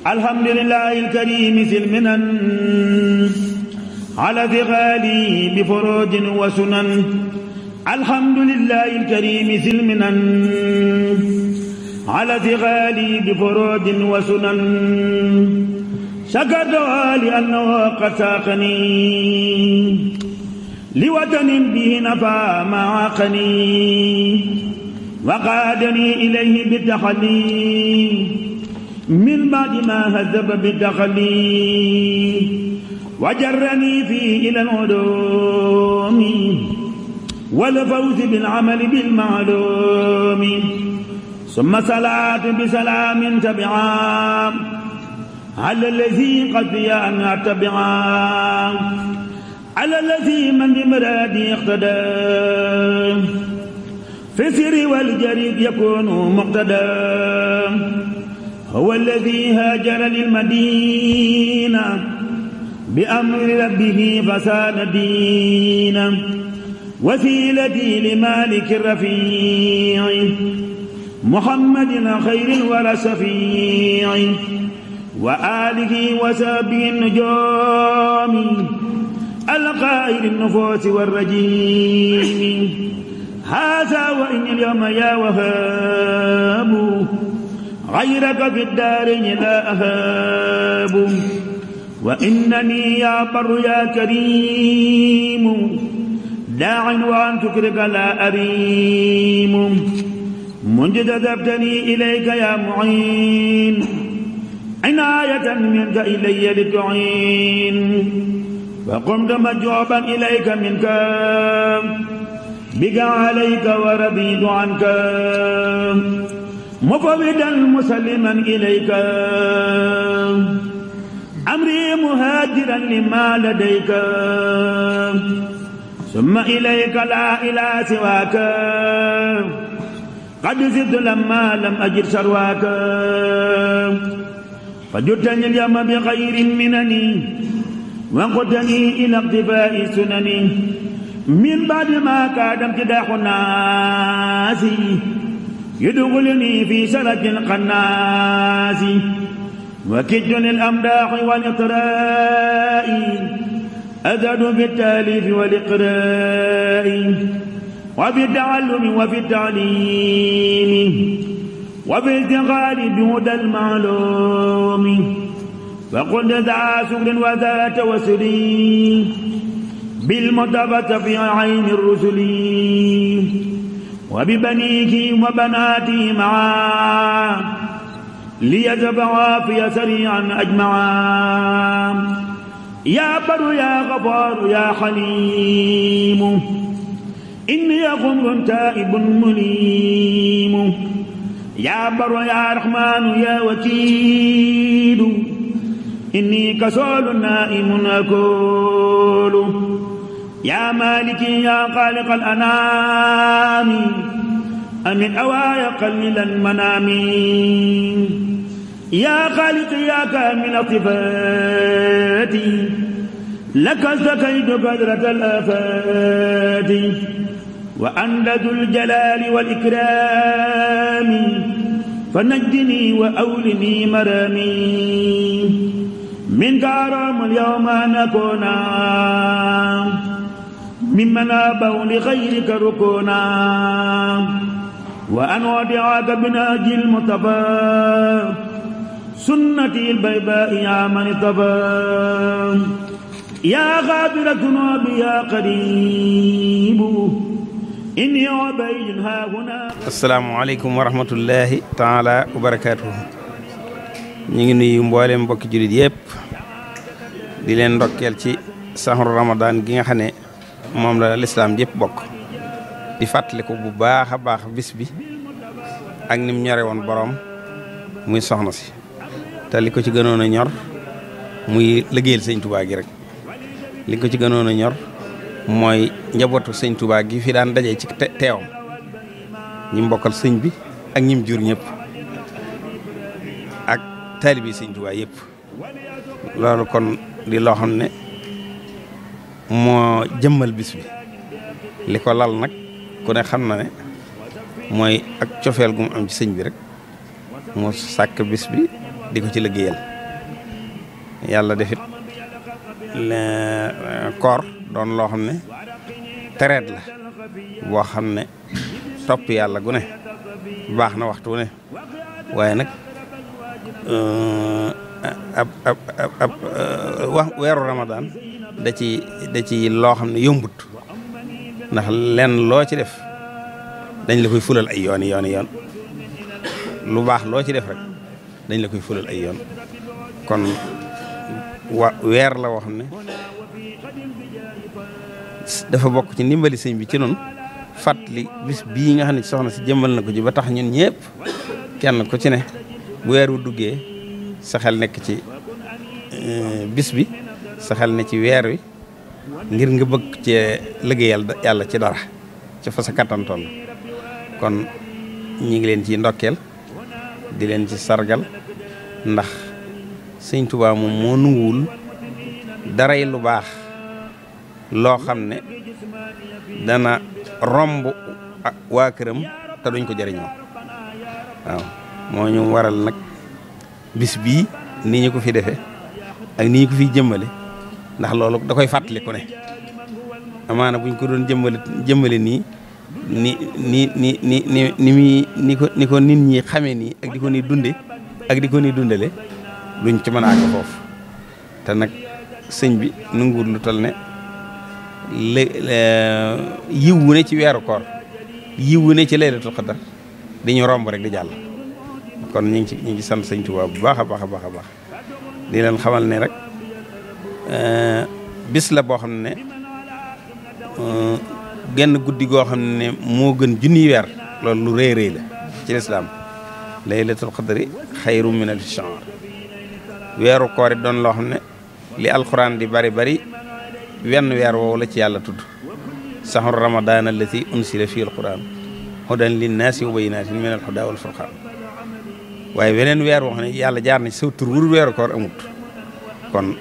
alhamdulilah alkarimi fi lminan ala fiqaali bi forojin wa sunan alhamdulilah alkarimi fi lminan ala fiqaali bi forojin wa sunan shakartu li annahu qad saaqani li watanin bihi nafa maaqani wa qaadani ilayhi bitaxani من بعد ما هذب بالتخليد وجرني فيه إلى العلوم والفوز بالعمل بالمعلوم ثم صلاة بسلام تبعا على الذي قد أن أتبعا على الذي من بمرادي اقتدى في السر والجريد يكون مقتدى هو الذي هاجر للمدينة بأمر ربه فساد دينا وسيلتي لمالك الرفيع محمد خير ولا شفيع وآله وسابه النجوم القائل النفوس والرجيم هذا وإن اليوم يا وهاب غيرك في الدارين لا أهاب وإنني يا بر يا كريم داع وأن تكرك لا أريم منجذبتني إليك يا معين عناية منك إلي لتعين فقمت مجوبا إليك منك بك عليك ورضيت عنك مقبدا مسلما إليك أمري مهاجرا لما لديك ثم إليك لا إلى سواك قد زدت لما لم أجد سرواك فجدتني اليوم بغير منني وقدني إلى اقتفاء سنني من بعد ما كاد امتداح الناس يدخلني في سلك القناس وكد للأمداح والإقراء أزد بالتاليف والإقراء وفي التعلم وفي التعليم وفي التقال بهدى المعلوم فقلت ذا سكر وذا توسل بالمتابعة في عين الرسل وببنيك وبناتي معا ليتبعا في سريعا أجمعا يا بر يا غفار يا حليم إني غمر تائب مليم يا بر يا رحمن يا وكيل إني كسول نائم أكول يا مالكي يا خالق الأنام أمن أوايا قليلا منامي يا خالق يا كامل صفاتي لك استكيت قدرة الآفات وأنت ذو الجلال والإكرام فنجني وأولني مرامي منك أرام اليوم أن أكون ممن أبوا لغيرك ركونا وأن ودعاك بناجي المتبى سنتي البيباء يا من اتبى يا غادر ذنوب يا قريب إني عبيد ها هنا السلام عليكم ورحمة الله تعالى وبركاته ñu ngi nuyu mboolem mbokki jullit yépp di leen ndokkeel ci saxru ramadan gi nga xam ne moom la lislaam yëpp bokk di fàttaliku bu baax a baax bis bi ak ni mu ñore woon boroom muy soxna si te li ko ci gënoon a ñor muy liggéeyal sëñ Tuubaa gi rek li ko ci gënoon a ñor mooy njabootu sëñ Tuubaa gi fi daan dajee ci teewam ñi mbokkal sëñ bi ak ñim jur ñépp ak taalibi sëñ Tuubaa yëpp loolu kon di loo ne moo jëmmal bis bi li ko lal nag ku ne xam na ne mooy ak cofeel gu mu am ci sëñ bi rek moo sàkk bis bi di ko ci liggéeyal yàlla defit euh, koor doon loo xam ne tereet la boo xam ne topp yàlla gu ne baax na waxtu ne waaye nag euh, ab ab ab ab euh, weeru Ramadan da ci da ci loo xam ne yombut ndax lenn loo ci def dañ la koy fulal ay yoon yoon yoon lu baax loo ci def rek dañ la koy fulal ay yoon kon wa weer la woo xam ne dafa bokk ci ndimbali sëñ bi ci noonu fàttali bis bii nga xam soxna si jëmbal na ko ci ba tax ñun ñëpp kenn ku ci ne bu weer wu duggee sa nekk ci eh, bis bi sa xel ne ci weer wi ngir nga bëgg cee liggéeyal yàlla ci dara ci fa sa kon ñi ngi leen ci ndokkeel di leen ci sargal ndax sëñ Tuubaa moom moo nunguwul daray lu baax loo xam ne dana romb waa këram te duñ ko jëriñoo waaw moo ñu waral nag bis bii ni ñu ko fi defe ak ni ñu ko fi jëmmale ndax loolu da koy fàttali ku ne amaana buñ ko doon jëmbale jëmbale nii ni ni ni ni ni ni muy ni ko ni ko nit ñi xamee nii ak di ko nii dunde ak di ko ni dundale duñ ci mën a àgg foofu te nag sëñ bi nanguwul lu tal ne lé yiw ci weeru koor yiw wu ne ci laylatul xadar dañu romb rek di jàll kon ñu ngi ci ñu ngi sant sëñ Tuubaa bu baax a baax a baax a baax di leen xamal ne rek Euh, bis la boo xam ne euh, genn guddi goo xam ne moo gën junniy weer loolu lu rëy rëy la ci lislaam laylatul qadri xayru min alfi shahr weeru koor it doon loo xam ne li alquran di bari bari wenn weer woowu la ci yàlla tudd sahru ramadan allati unsila fi alquran hudan linnaasi wa bayinatin min alhuda wal furqan waaye weneen weer woox xam ne yàlla jaar na ci saw tur wur weeru koor amut kon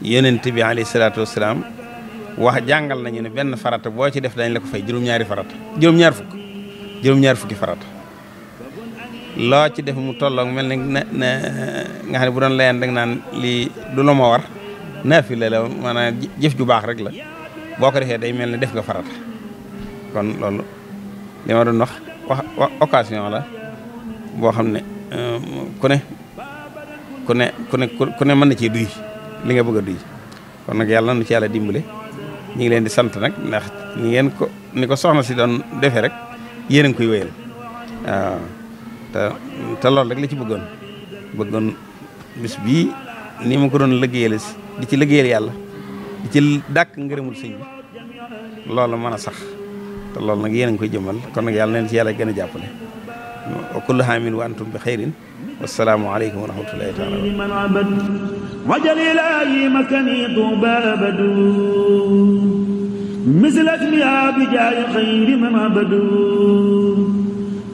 yonent bi alayhi salaatu wasalaam wax jàngal nañu ne benn farata boo ci def dañ la ko fay juróom-ñaari farata juróom-ñaar fukk juróom-ñaar fukki farata loo ci def mu tollook mel ne na nga xam bu doon layan dag naan lii du la ma war naafila la maanaam jëf ju baax rek la boo ko defee day mel ne def nga farata kon loolu li ma doon wax wax occasion la boo xam ne euh, ku ne ku ne ku ne ku ne mën na cee duy li nga bëgg a duy kon nag yàlla nu ci yàlla dimbale ñu ngi leen di sant nag ndax ni ngeen ko ni ko soxna si doon defee rek yéen a ngi koy wéyal waaw te loolu rek la ci bëggoon bëggoon bis bi ni mu ko doon liggéeyal di ci liggéeyal yàlla di ci dàkk ngërëmul sëñ bi loolu man a sax te loolu nag yéen a koy jëmmal kon nag yàlla neen ci yàlla gën a jàppale wa kullu haamin wa antum xayrin wassalaamu aleykum wa rahmatullahi taala man abad wajalilaayi makani tuuba abadu mislat miya bi jaayi xayri man abadu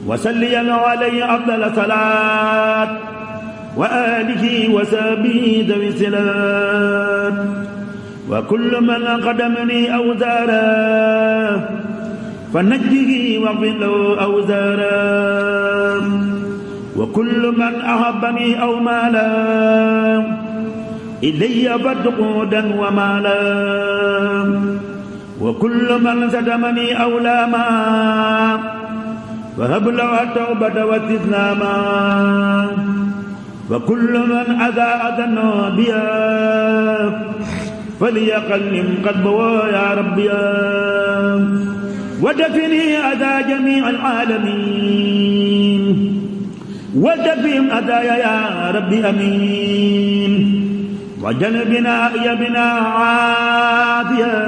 wasalliyan alayhi afdal salaat wa aalihi wa sahbihi dawi silaat wa kullu man qadamani aw zaara fa najjihi wa fi law aw zaara wa kullu man ahabbani aw maala ilayya badd quudan wa maala wa kullu man sadamani aw laama fa hab lahu tawbata wa istislaama wa kullu man adaa adan biya فليقلم قلبه يا ربي ودفني أذى جميع العالمين واجد بهم أدايا يا ربي أمين وجنبنا يا بنا عافية